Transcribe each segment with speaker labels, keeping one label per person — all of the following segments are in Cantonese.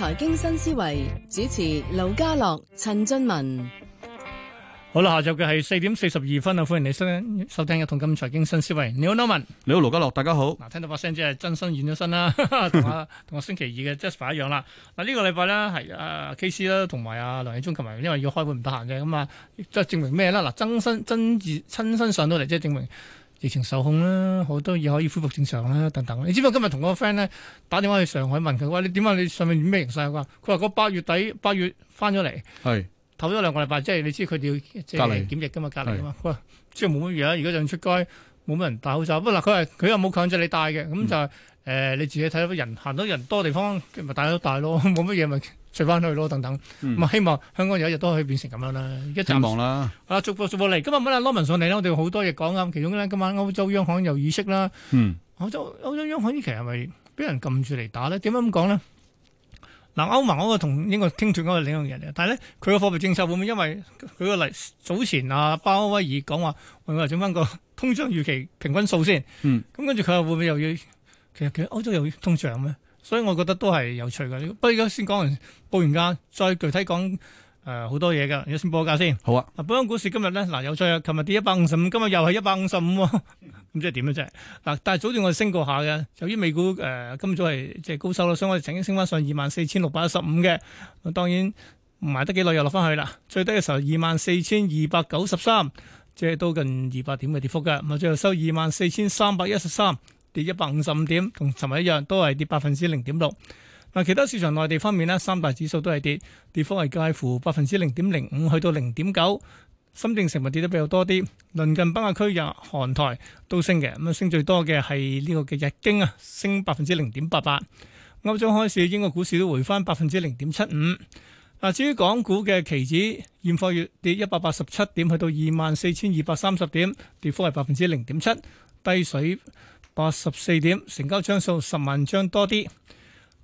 Speaker 1: 財經新思維，主持盧家樂、陳俊文，好啦，下晝嘅係四點四十二分啦，歡迎你收收聽《一桶金財經新思維》。你好，Norman，你好，盧家樂，大家好。嗱，聽到把聲即係真身現咗身啦，同我同我星期二嘅 Jasper 一樣啦。嗱，呢個禮拜咧係誒 KC 啦，同埋阿梁亦中，琴日因為要開會唔得閒嘅，咁啊，即係證明咩啦？嗱，真身真自親身上到嚟，即係證明。疫情受控啦，好多嘢可以恢復正常啦，等等。你知唔知今日同個 friend 咧打電話去上海問佢喂，你點解你上面咩形勢啊？佢話佢話個八月底八月翻咗嚟，係唞咗兩個禮拜，即係你知佢哋要隔離檢疫㗎嘛？隔離啊嘛。哇是，即係冇乜嘢啦。而家就出街，冇乜人戴口罩。不過嗱，佢係佢又冇強制你戴嘅，咁就係、是、誒、嗯呃、你自己睇下，人行到人多地方，咪戴都戴咯，冇乜嘢咪。隨翻去咯，等等。咁啊、嗯，希望香港有一日都可以變成咁樣啦。一展望啦，啊，逐步逐步嚟。今日本啦，攞文上嚟啦，我哋好多嘢講啊。其中咧，今晚歐洲央行有意識啦。
Speaker 2: 嗯，
Speaker 1: 歐洲歐洲央行呢期係咪俾人撳住嚟打咧？點解咁講呢？嗱，歐盟嗰個同英國傾斷嗰個另一嘅嘢，但係咧，佢個貨幣政策會唔會因為佢個嚟早前啊，鮑威爾講話，我話整翻個通脹預期平均數先。嗯。咁跟住佢會唔會又要？其實佢歐洲有通脹咩？所以我覺得都係有趣噶。不如而家先講完報完價，再具體講誒好多嘢噶。而家先報個價先。好啊。嗱，本港股市今日咧，嗱又再琴日跌一百五十五，今日又係一百五十五喎。咁即係點咧？即係嗱，但係早段我哋升過下嘅，由於美股誒、呃、今早係即係高收啦，所以我哋曾經升翻上二萬四千六百一十五嘅。當然唔埋得幾耐又落翻去啦。最低嘅時候二萬四千二百九十三，即係都近二百點嘅跌幅嘅。咪最後收二萬四千三百一十三。跌一百五十五點，同尋日一樣，都係跌百分之零點六。嗱，其他市場內地方面咧，三大指數都係跌，跌幅係介乎百分之零點零五去到零點九。深圳成分跌得比較多啲，鄰近北亞區日韓台都升嘅，咁啊升最多嘅係呢個嘅日經啊，升百分之零點八八。歐洲開市英國股市都回翻百分之零點七五。嗱，至於港股嘅期指現貨月跌一百八十七點，去到二萬四千二百三十點，跌幅係百分之零點七，低水。八十四點，成交張數十萬張多啲。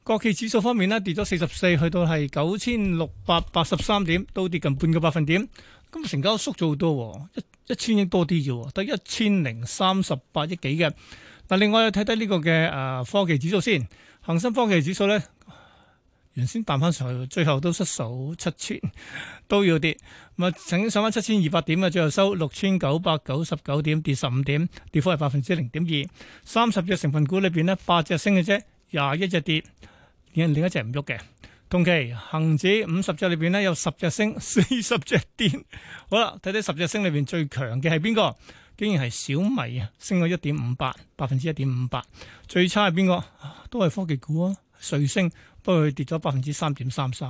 Speaker 1: 國企指數方面咧，跌咗四十四，去到係九千六百八十三點，都跌近半個百分點。咁成交縮咗好多，1, 億多一一千億多啲啫，得一千零三十八億幾嘅。嗱，另外又睇睇呢個嘅誒科技指數先，恒生科技指數咧。原先彈翻上去，最後都失守七千，都要跌。咁啊，曾經上翻七千二百點啊，最後收六千九百九十九點，跌十五點，跌幅係百分之零點二。三十隻成分股裏邊呢，八隻升嘅啫，廿一隻跌，另另一隻唔喐嘅。同期恒指五十隻裏邊呢，有十隻升，四十隻跌。好啦，睇睇十隻升裏邊最強嘅係邊個？竟然係小米啊，升咗一點五八，百分之一點五八。最差係邊個？都係科技股啊，瑞聲。都去跌咗百分之三點三三。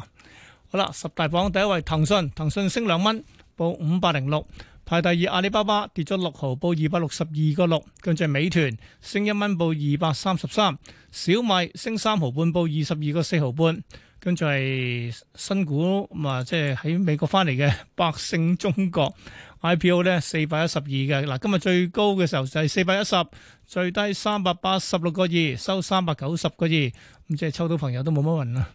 Speaker 1: 好啦，十大榜第一位騰訊，騰訊升兩蚊，報五百零六。排第二，阿里巴巴跌咗六毫，報二百六十二個六。跟住係美團升一蚊，報二百三十三。小米升三毫半，報二十二個四毫半。跟住係新股咁啊，即係喺美國翻嚟嘅百勝中國。IPO 咧四百一十二嘅，嗱，今日最高嘅時候就係四百一十，最低三百八十六個二，收三百九十個二，咁即係抽到朋友都冇乜運啦。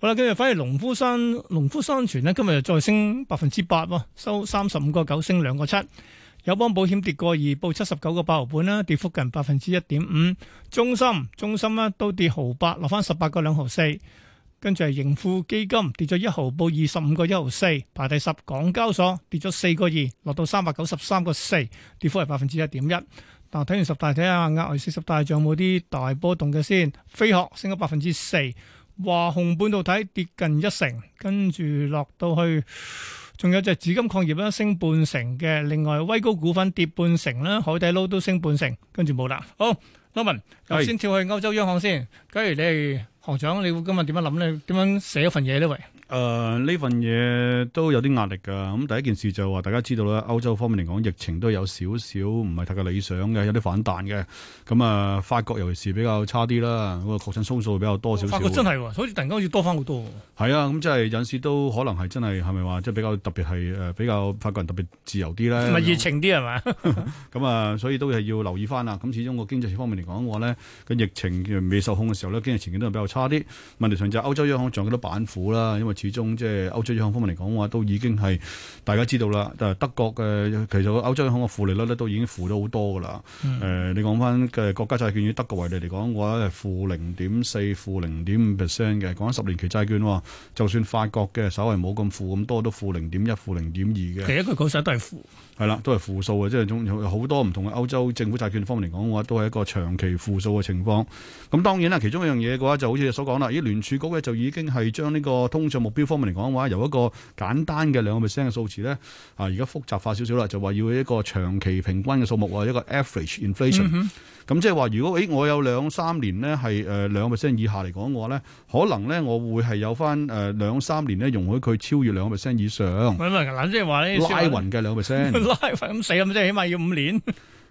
Speaker 1: 好啦，跟住反而農夫山農夫山泉咧，今日又再升百分之八喎，收三十五個九升兩個七。友邦保險跌個二，報七十九個八毫半啦，跌幅近百分之一點五。中心中心呢都跌毫八，落翻十八個兩毫四。跟住係盈富基金跌咗一毫，報二十五個一毫四，排第十。港交所跌咗四個二，落到三百九十三個四，跌幅係百分之一點一。嗱，睇完十大，睇下額外四十大仲有冇啲大波動嘅先。飛鶴升咗百分之四，華虹半導體跌近一成，跟住落到去，仲有隻紫金礦業咧升半成嘅，另外威高股份跌半成啦，海底撈都升半成，跟住冇啦。好，俊文，m 頭先跳去歐洲央行先，假如你。行長，你會今日點樣諗咧？點樣寫一份嘢咧？喂！
Speaker 2: 誒呢、呃、份嘢都有啲壓力㗎。咁、嗯、第一件事就話、是，大家知道啦，歐洲方面嚟講，疫情都有少少唔係太過理想嘅，有啲反彈嘅。咁、嗯、啊，法國尤其是比較差啲啦。嗰、嗯、個確診數數比較多少少。法國真係、
Speaker 1: 哦，所以突然間要多翻好多。
Speaker 2: 係啊，咁、嗯嗯嗯、即係有陣時都可能係真係係咪話，即係比較特別係誒比較法國人特別自由啲咧？咪熱情啲係咪？咁啊、 嗯嗯，所以都係要留意翻啊。咁始終個經濟方面嚟講嘅話咧，咁疫情未受控嘅時候咧，經濟前景都係比較差啲。問題上就係歐洲央行仲有幾多板斧啦，因為。始終即係歐洲央行方面嚟講嘅話，都已經係大家知道啦。但係德國嘅、呃、其實個歐洲央行嘅負利率咧，都已經負咗好多噶啦。誒、嗯呃，你講翻嘅國家債券以德國為例嚟講嘅話，負零點四、負零點五 percent 嘅。講緊十年期債券，就算法國嘅稍微冇咁負咁多，都負零點一、負零點二嘅。其實
Speaker 1: 佢講晒都係負。
Speaker 2: 係啦，都係負數嘅，即係總好多唔同嘅歐洲政府債券方面嚟講嘅話，都係一個長期負數嘅情況。咁當然啦，其中一樣嘢嘅話，就好似你所講啦，咦聯儲局咧就已經係將呢個通脹目標方面嚟講嘅話，由一個簡單嘅兩個 percent 嘅數字咧，啊而家複雜化少少啦，就話要一個長期平均嘅數目一個 average inflation、嗯哼。咁即係話，如果誒我有兩三年咧係誒兩個 percent 以下嚟講嘅話咧，可能咧我會係有翻誒兩三年咧容許佢超越兩個 percent 以上。
Speaker 1: 咪咪嗱，即係話咧拉勻嘅兩個 percent。
Speaker 2: 咁死咁即係， 起碼要五年。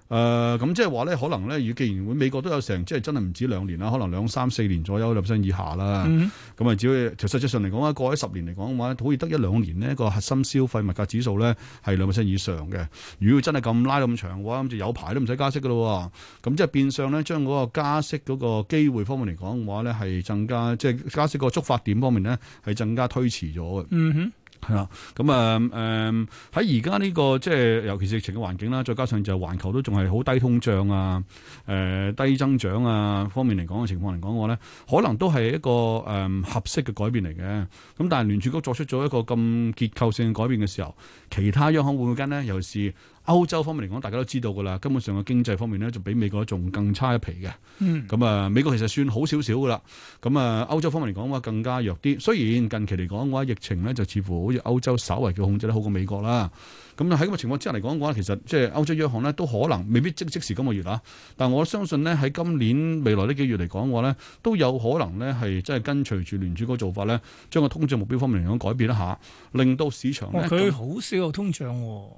Speaker 2: 誒、呃，咁即係話咧，可能咧，如既然會美國都有成，即係真係唔止兩年啦，可能兩三四年左右，兩 percent 以下啦。咁啊、嗯哼，只可就實際上嚟講咧，過咗十年嚟講嘅話，好似得一兩年呢個核心消費物價指數咧係兩 percent 以上嘅。如果真係咁拉咁長嘅話，咁就有排都唔使加息噶咯。咁即係變相咧，將嗰個加息嗰個機會方面嚟講嘅話咧，係增加，即、就、係、是、加息個觸發點方面咧係更加推遲咗嘅。嗯哼。係啦，咁啊、嗯，誒喺而家呢個即係尤其是疫情嘅環境啦，再加上就係環球都仲係好低通脹啊、誒、呃、低增長啊方面嚟講嘅情況嚟講嘅話咧，可能都係一個誒、嗯、合適嘅改變嚟嘅。咁但係聯儲局作出咗一個咁結構性嘅改變嘅時候，其他央行會唔會跟咧？尤其是？歐洲方面嚟講，大家都知道噶啦，根本上嘅經濟方面咧，就比美國仲更差一皮嘅。嗯，咁啊，美國其實算好少少噶啦。咁啊，歐洲方面嚟講嘅話，更加弱啲。雖然近期嚟講嘅話，疫情咧就似乎好似歐洲稍微嘅控制得好過美國啦。咁喺咁嘅情況之下嚟講嘅話，其實即係歐洲央行咧都可能未必即即時今個月啦，但我相信咧喺今年未來呢幾個月嚟講嘅話咧，都有可能咧係即係跟隨住聯儲局做法咧，將個通脹目標方面嚟講改變一下，令到市場佢
Speaker 1: 好、哦、少有通脹、哦。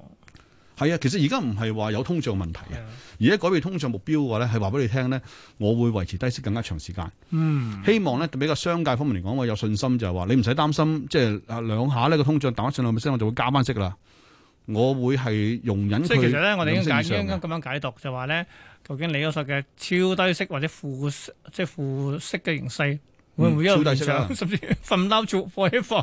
Speaker 2: 係啊，其實而家唔係話有通脹問題啊，的而家改變通脹目標嘅話咧，係話俾你聽咧，我會維持低息更加長時間。嗯，希望咧比較商界方面嚟講，我有信心就係話你唔使擔心，即係兩下呢個通脹打上兩 p e 我就會加翻息噶啦。我會係容忍佢。所其實咧，我哋應該解
Speaker 1: 應咁樣解讀，就話咧，究竟你教授嘅超低息或者負息，即係負息嘅形勢。超低息啊！甚至份撈做火一房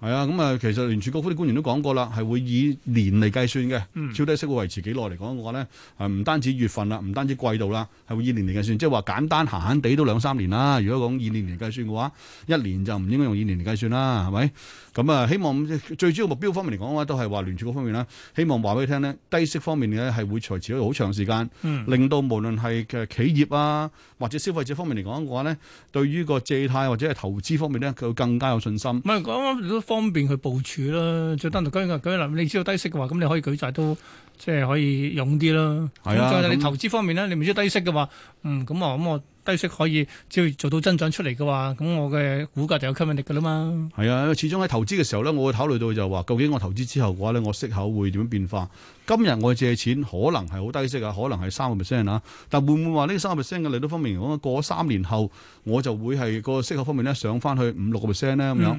Speaker 2: 係啊！咁啊，其實聯儲局嗰啲官員都講過啦，係會以年嚟計算嘅，嗯、超低息會維持幾耐嚟講嘅話咧，係唔單止月份啦，唔單止季度啦，係會以年嚟計算。即係話簡單，閒閒地都兩三年啦。如果講以年嚟計算嘅話，一年就唔應該用以年嚟計算啦，係咪？咁啊，希望最主要目標方面嚟講嘅話，都係話聯儲局方面啦，希望話俾你聽咧，低息方面咧係會維持咗好長時間，嗯、令到無論係嘅企業啊，或者消費者方面嚟講嘅話咧，對於個借或者係投資方面呢，佢會更加有信心。唔係，講都方便去部署啦。再單獨，當
Speaker 1: 然啦，你知道低息嘅話，咁你可以舉債都即係可以勇啲啦。係啊，再就係投資方面呢，你唔知低息嘅話，嗯、咁啊咁我。低息可以只要做到增長出嚟嘅話，咁我嘅股價就有吸引力噶啦嘛。
Speaker 2: 係啊，始終喺投資嘅時候咧，我會考慮到就話，究竟我投資之後嘅話咧，我息口會點樣變化？今日我借錢可能係好低息啊，可能係三個 percent 啊，但係會唔會話呢三個 percent 嘅利率方面講，過咗三年後我就會係個息口方面咧上返去五六個 percent 咧咁樣？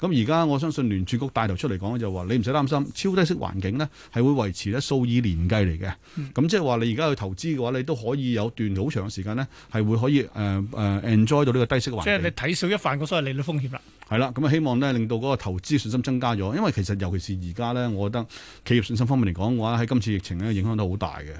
Speaker 2: 咁而家我相信聯儲局帶頭出嚟講就、嗯、話，你唔使擔心超低息環境咧係會維持咧數以年計嚟嘅。咁即係話你而家去投資嘅話，你都可以有段好長嘅時間咧係會可以。以誒 enjoy 到呢個低息嘅環境，
Speaker 1: 即係你睇少一範嗰所係利率風險啦。
Speaker 2: 係啦，咁啊希望咧令到嗰個投資信心增加咗，因為其實尤其是而家咧，我覺得企業信心方面嚟講嘅話，喺今次疫情咧影響都好大嘅。誒、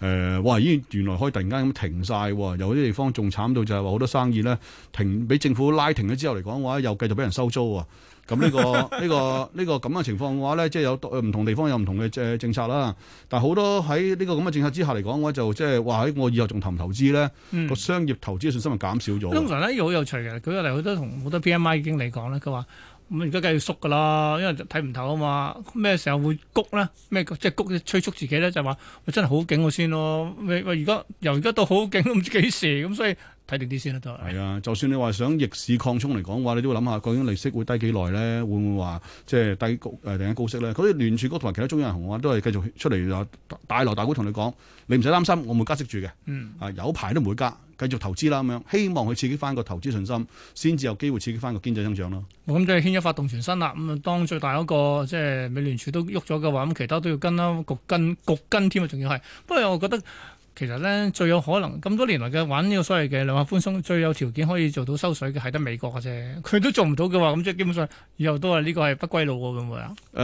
Speaker 2: 嗯，哇、呃！咦原來可以突然間咁停晒，有啲地方仲慘到就係話好多生意咧停，俾政府拉停咗之後嚟講嘅話，又繼續俾人收租啊！咁呢、 呢個呢、呢個呢、呢個咁嘅情況嘅話咧，即係有唔同地方有唔同嘅誒政策啦。但係好多喺呢個咁嘅政策之下嚟講嘅話，就即係話喺我以後仲投唔投資咧？個、嗯、商業投資信心係減少咗。通
Speaker 1: 常呢，又好有趣嘅。佢有嚟好多同好多 P M I 經理講咧，佢話：，咁而家梗要縮㗎啦，因為睇唔透啊嘛。咩時候會谷咧？咩即係谷？催促自己咧，就話、是：，我、哎、真係好勁先咯。喂喂，而家由而家都好勁都唔知幾時，咁、嗯、所以。睇定啲先啦，都
Speaker 2: 係。係啊，就算你話想逆市擴充嚟講嘅話，你都會諗下究竟利息會低幾耐咧？會唔會話即係低高定係高息咧？嗰啲聯儲局同埋其他中央銀行嘅話都係繼續出嚟大鑼大鼓同你講，你唔使擔心，我唔會加息住嘅。嗯。啊，有排都唔會加，繼續投資啦咁樣，希望佢刺激翻個投資信心，先至有機會刺激翻個經濟增長咯。
Speaker 1: 我諗即係牽一發動全身啦。咁啊，當最大嗰、那個即係、就是、美聯儲都喐咗嘅話，咁其他都要跟啦，局跟局跟添啊，仲要係。不過我覺得。其實咧，最有可能咁多年嚟嘅玩呢個所謂嘅量化寬鬆，最有條件可以做到收水嘅係得美國嘅啫。佢都做唔到嘅話，咁即係基本上以後都係呢個係不歸路喎咁啊！誒
Speaker 2: 嗱、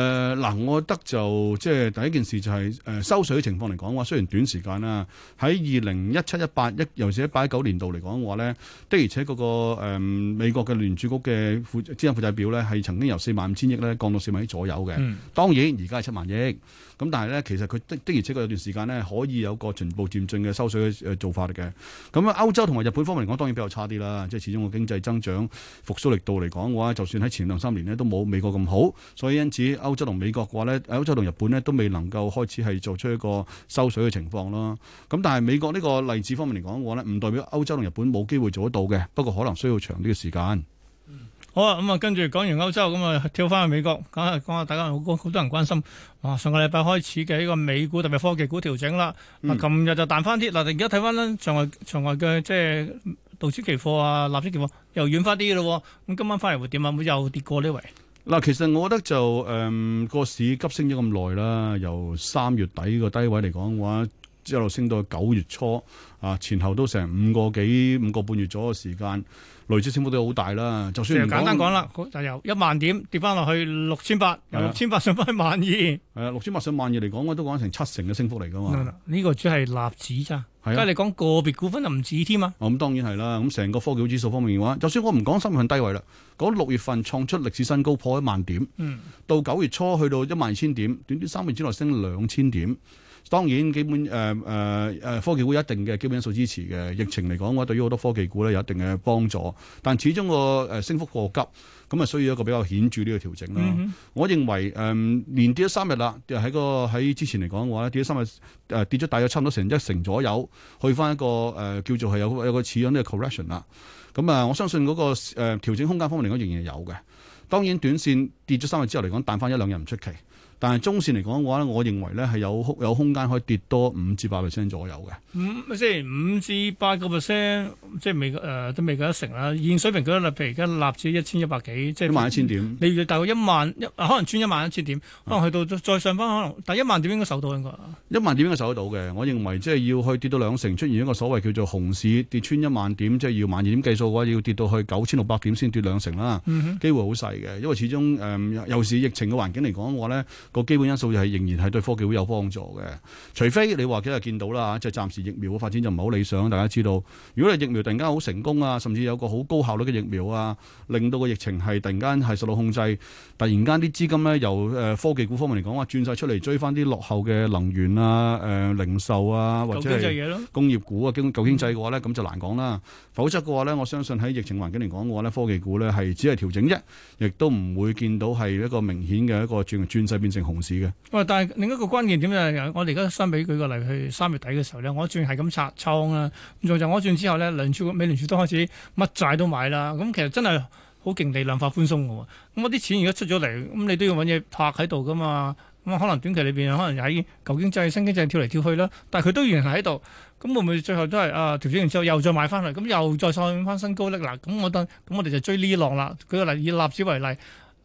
Speaker 2: 呃，我覺得就即係第一件事就係、是、誒、呃、收水嘅情況嚟講嘅話，雖然短時間啦，喺二零一七一八一，尤其是喺八九年度嚟講嘅話咧，的而且確、那個、呃、美國嘅聯儲局嘅負資產負債表咧係曾經由四萬五千億咧降到四萬億左右嘅。嗯、當然而家係七萬億。咁但係咧，其實佢的的而且確有段時間咧，可以有個循序漸進嘅收水嘅誒做法嘅。咁啊，歐洲同埋日本方面嚟講，當然比較差啲啦。即係始終個經濟增長復甦力度嚟講嘅話，就算喺前兩三年咧都冇美國咁好，所以因此歐洲同美國嘅話咧，歐洲同日本咧都未能夠開始係做出一個收水嘅情況咯。咁但係美國呢個例子方面嚟講嘅話咧，唔代表歐洲同日本冇機會做得到嘅，不過可能需要長啲嘅時間。
Speaker 1: 好啊，咁、嗯、啊，跟住講完歐洲，咁、嗯、啊跳翻去美國，梗係講下大家好，好多人關心，哇、啊，上個禮拜開始嘅呢個美股特別科技股調整啦，琴日就彈翻啲，嗱，而家睇翻咧，場外場外嘅即係道指期貨啊、納指、啊啊啊、期貨、啊、又軟翻啲咯，咁、啊、今晚翻嚟會點啊？會又跌過呢位。
Speaker 2: 嗱，其實我覺得就誒個、嗯、市急升咗咁耐啦，由三月底個低位嚟講嘅話。一路升到九月初，啊，前後都成五個幾五個半月左右時間，累計升幅都好大啦。就算簡單講
Speaker 1: 啦，就由一萬點跌翻落去六千八，由六千八
Speaker 2: 上翻萬二，係、嗯、啊，六千八上萬二嚟講，我都講成七成嘅升幅嚟㗎嘛。
Speaker 1: 呢個只係例子咋，梗
Speaker 2: 係你講個別股份就唔止添嘛。咁、嗯嗯、當然係啦。咁成個科技指數方面嘅話，就算我唔講三月份低位啦，講六月份創出歷史新高破一萬點，嗯，到九月初去到一萬二千點，短短三個月之內升兩千點。當然，基本誒誒誒科技股有一定嘅基本因素支持嘅。疫情嚟講，嘅話對於好多科技股咧有一定嘅幫助。但始終個誒、呃、升幅過急，咁啊需要一個比較顯著呢個調整啦。嗯、哼我認為誒、呃、連跌咗三日啦，就喺個喺之前嚟講嘅話，跌咗三日誒、呃、跌咗大約差唔多成一成左右，去翻一個誒、呃、叫做係有有個似樣嘅 correction 啦。咁啊，我相信嗰、那個誒、呃、調整空間方面嚟講仍然係有嘅。當然，短線跌咗三日之後嚟講，彈翻一兩日唔出奇。但係中線嚟講嘅話咧，我認為咧係有有空間可以跌多五至八 percent 左右嘅。
Speaker 1: 五、嗯、即係五至八個 percent，即係未誒、呃、都未夠一成啦。現水平佢咧，譬如而家納指一千一百幾，即係一萬一千點，你要大概一萬，可能穿一萬一千點，可能去到、嗯、再上翻，可能但一萬點應該守到應該。
Speaker 2: 一萬點應該守得到嘅，我認為即係要去跌到兩成，出現一個所謂叫做熊市，跌穿一萬點，即係要萬二點計數嘅話，要跌到去九千六百點先跌兩成啦。嗯哼，機會好細嘅，因為始終誒又是疫情嘅環境嚟講嘅話咧。呢個基本因素就係仍然係對科技會有幫助嘅，除非你話幾日見到啦，即係暫時疫苗嘅發展就唔係好理想。大家知道，如果你疫苗突然間好成功啊，甚至有個好高效率嘅疫苗啊，令到個疫情係突然間係受到控制，突然間啲資金咧由誒科技股方面嚟講話轉曬出嚟追翻啲落後嘅能源啊、誒零售啊，或者工業股啊，經舊經濟嘅話咧，咁就難講啦。否則嘅話咧，我相信喺疫情環境嚟講嘅話咧，科技股咧係只係調整啫，亦都唔會見到係一個明顯嘅一個轉轉勢變成紅市嘅，
Speaker 1: 喂！但係另一個關鍵點就係，我哋而家相比舉個例，去三月底嘅時候咧，我轉係咁拆倉啦。咁就我轉之後咧，聯儲、美聯儲都開始乜債都買啦。咁其實真係好勁地量化寬鬆嘅喎。咁我啲錢而家出咗嚟，咁你都要揾嘢拍喺度噶嘛。咁可能短期裏邊可能又喺舊經濟、新經濟跳嚟跳去啦。但係佢都仍然喺度。咁會唔會最後都係啊？調轉完之後又再買翻嚟？咁又再上翻新高咧？嗱，咁我覺得咁，我哋就追呢浪啦。舉個例以納指為例。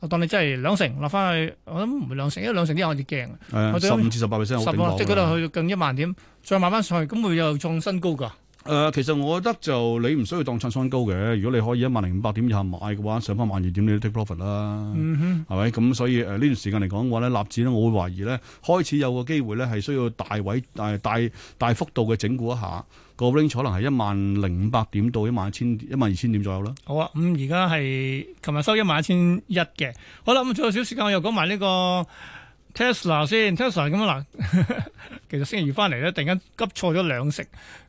Speaker 1: 我當你真係兩成落翻去，我諗唔係兩成，因為兩成啲我係驚。我對五至十八 percent 即係嗰度去到近一萬點，再慢慢上去，咁會又創新高㗎。
Speaker 2: 誒、呃，其實我覺得就你唔需要當襯衫高嘅，如果你可以一萬零五百點以下買嘅話，上翻萬二點你都 take profit 啦，係咪、嗯哼？咁所以誒呢、呃、段時間嚟講嘅話咧，納指咧我會懷疑咧開始有個機會咧係需要大位誒、呃、大大，大幅度嘅整固一下個 link 可能係一萬零五百點到一萬一千一萬二千點左右啦。嗯、
Speaker 1: 哼好啊，咁而家係琴日收一萬一千一嘅。好啦，咁仲有少少時間我又講埋呢、這個。Tesla 先，Tesla 咁啊嗱，樣 其實星期二翻嚟咧，突然間急錯咗兩成，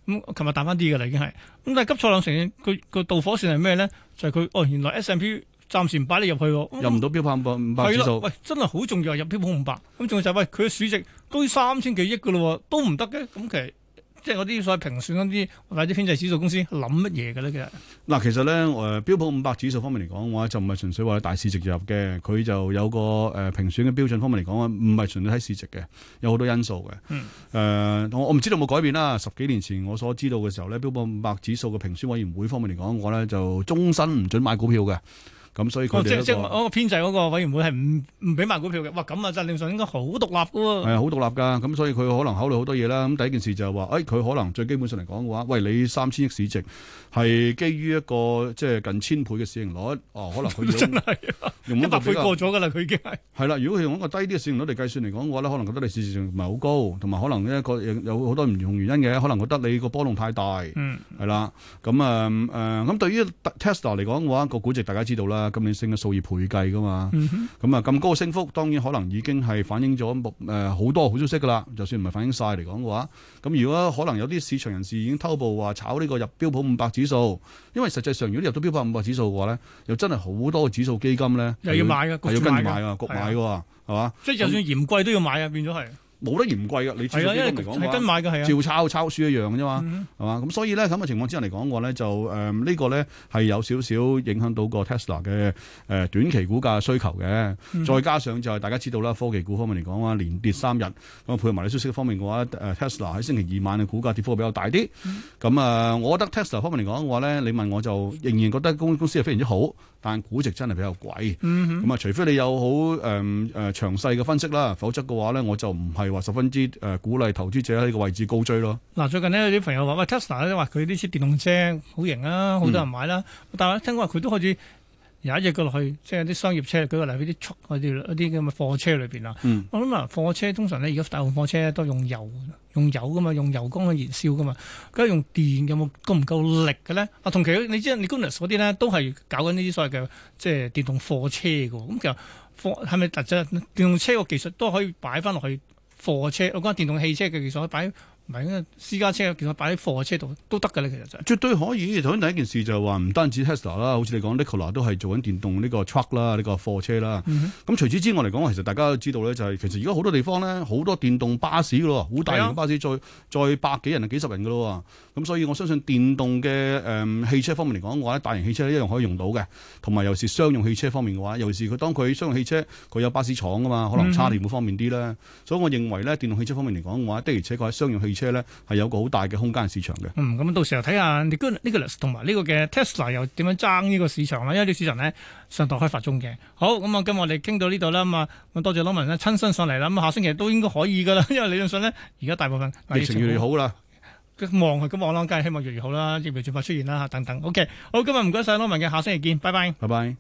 Speaker 1: 咁琴日淡翻啲嘅啦，已經係，咁、嗯、但係急錯兩成，佢個導火線係咩咧？就係、是、佢哦，原來 SMP 暫時唔擺你去、嗯、入去，入唔
Speaker 2: 到標普五百指係咯，喂，
Speaker 1: 真係好重要入標普五百，咁仲要就係、是、喂佢嘅市值都三千幾億嘅咯，都唔得嘅，咁、嗯、其實。即係嗰啲所謂評選嗰啲或者經濟指數公司諗乜嘢嘅咧？其實
Speaker 2: 嗱，其實咧誒、呃，標普五百指數方面嚟講嘅話，我就唔係純粹話大市值入嘅，佢就有個誒、呃、評選嘅標準方面嚟講啊，唔係純粹喺市值嘅，有好多因素嘅。誒、嗯呃，我我唔知道有冇改變啦。十幾年前我所知道嘅時候咧，標普五百指數嘅評選委員會方面嚟講嘅話咧，就終身唔准買股票嘅。咁所以佢哋嗰個即係
Speaker 1: 即係嗰個編制嗰個委員會係唔唔俾賣股票嘅。哇，咁啊，質量上應該好獨立噶喎。係啊，好
Speaker 2: 獨立噶。咁所以佢可能考慮好多嘢啦。咁第一件事就係話，誒，佢可能最基本上嚟講嘅話，喂，你三千億市值係基於一個即係近千倍嘅市盈率，哦，可能佢要用一百倍過咗噶啦，佢已經係係啦。如果佢用一個低啲嘅市盈率嚟計算嚟講嘅話咧，可能覺得你市值仲唔係好高，同埋可能咧個有有好多唔同原因嘅，可能覺得你個波動太大。嗯，係啦，咁啊誒，咁對於 Tesla 嚟講嘅話，個估值大家知道啦。啊，今年升嘅數以倍計噶嘛，咁啊咁高升幅，當然可能已經係反映咗誒好多好消息噶啦。就算唔係反映晒嚟講嘅話，咁如果可能有啲市場人士已經偷步話炒呢個入標普五百指數，因為實際上如果入到標普五百指數嘅話咧，又真係好多指數基金咧又要買嘅，係要，要跟住買，買啊，局買嘅喎，係嘛？即係就算
Speaker 1: 嫌貴都要買啊，變咗係。
Speaker 2: 冇得嫌貴㗎，的你係啊，因為係跟買嘅，係啊，照抄抄書一樣嘅啫嘛，係嘛？咁，hmm. 所以咧咁嘅情況之下嚟講嘅話咧，就誒、呃這個、呢個咧係有少少影響到個 Tesla 嘅誒、呃、短期股價需求嘅。Mm hmm. 再加上就係、是、大家知道啦，科技股方面嚟講話，連跌三日咁、mm hmm. 呃、配合埋你消息方面嘅話，誒 Tesla 喺星期二晚嘅股價跌幅比較大啲。咁啊、mm hmm. 嗯呃，我覺得 Tesla 方面嚟講嘅話咧，你問我就仍然覺得公公司係非常之好。但估值真係比較貴，咁啊、嗯哼，除非你有好誒誒詳細嘅分析啦，否則嘅話咧，我就唔係話十分之誒、呃、鼓勵投資者喺呢個位置高追咯。
Speaker 1: 嗱，最近呢，有啲朋友話喂，Tesla 咧話佢呢次電動車好型啊，好多人買啦，嗯、但係聽講話佢都開始。有一隻佢落去，即係啲商業車舉個例，嗰啲速，嗰啲啲咁嘅貨車裏邊啦。嗯、我諗啊，貨車通常咧，而家大運貨車都用油，用油㗎嘛，用油缸去燃燒噶嘛。佢咁用電有冇夠唔夠力嘅咧？啊，同其你知道，你知道，你 g u 嗰啲咧都係搞緊呢啲所謂嘅即係電動貨車嘅。咁、嗯、其實貨係咪特質電動車個技術都可以擺翻落去貨車？我講電動汽車嘅技術可以擺。唔係，因為私家車叫佢擺喺貨車度都得嘅咧，其實就係、
Speaker 2: 絕對可以。頭先第一件事就係話唔單止 Tesla 啦，好似你講 Nikola 都係做緊電動呢個 truck 啦，呢個貨車啦。咁、嗯、哼除此之外嚟講，其實大家都知道咧、就係，就係其實而家好多地方咧，好多電動巴士嘅喎，好大型巴士，啊、再再百幾人啊，幾十人嘅咯喎。咁所以我相信電動嘅誒、嗯、汽車方面嚟講嘅話，大型汽車一樣可以用到嘅。同埋又是商用汽車方面嘅話，尤其是佢當佢商用汽車，佢有巴士廠嘅嘛，可能差電會方便啲咧。嗯、哼所以我認為咧，電動汽車方面嚟講嘅話，的而且確喺商用汽車，車係有個好大嘅空間市場嘅。
Speaker 1: 嗯，咁到時候睇下尼古尼古拉斯同埋呢個嘅 Tesla 又點樣爭呢個市場啦，因為啲市場呢尚待開發中嘅。好，咁啊今日我哋傾到呢度啦，咁啊多謝羅文啦，親身上嚟啦，咁下星期都應該可以噶啦，因為理論上呢，而家大部分大越越疫情越嚟越好啦，望佢咁望啦，梗係希望越嚟越好啦，疫苗盡快出現啦，吓等等。OK，好，今日唔該晒羅文嘅，下星期見，拜拜，拜拜。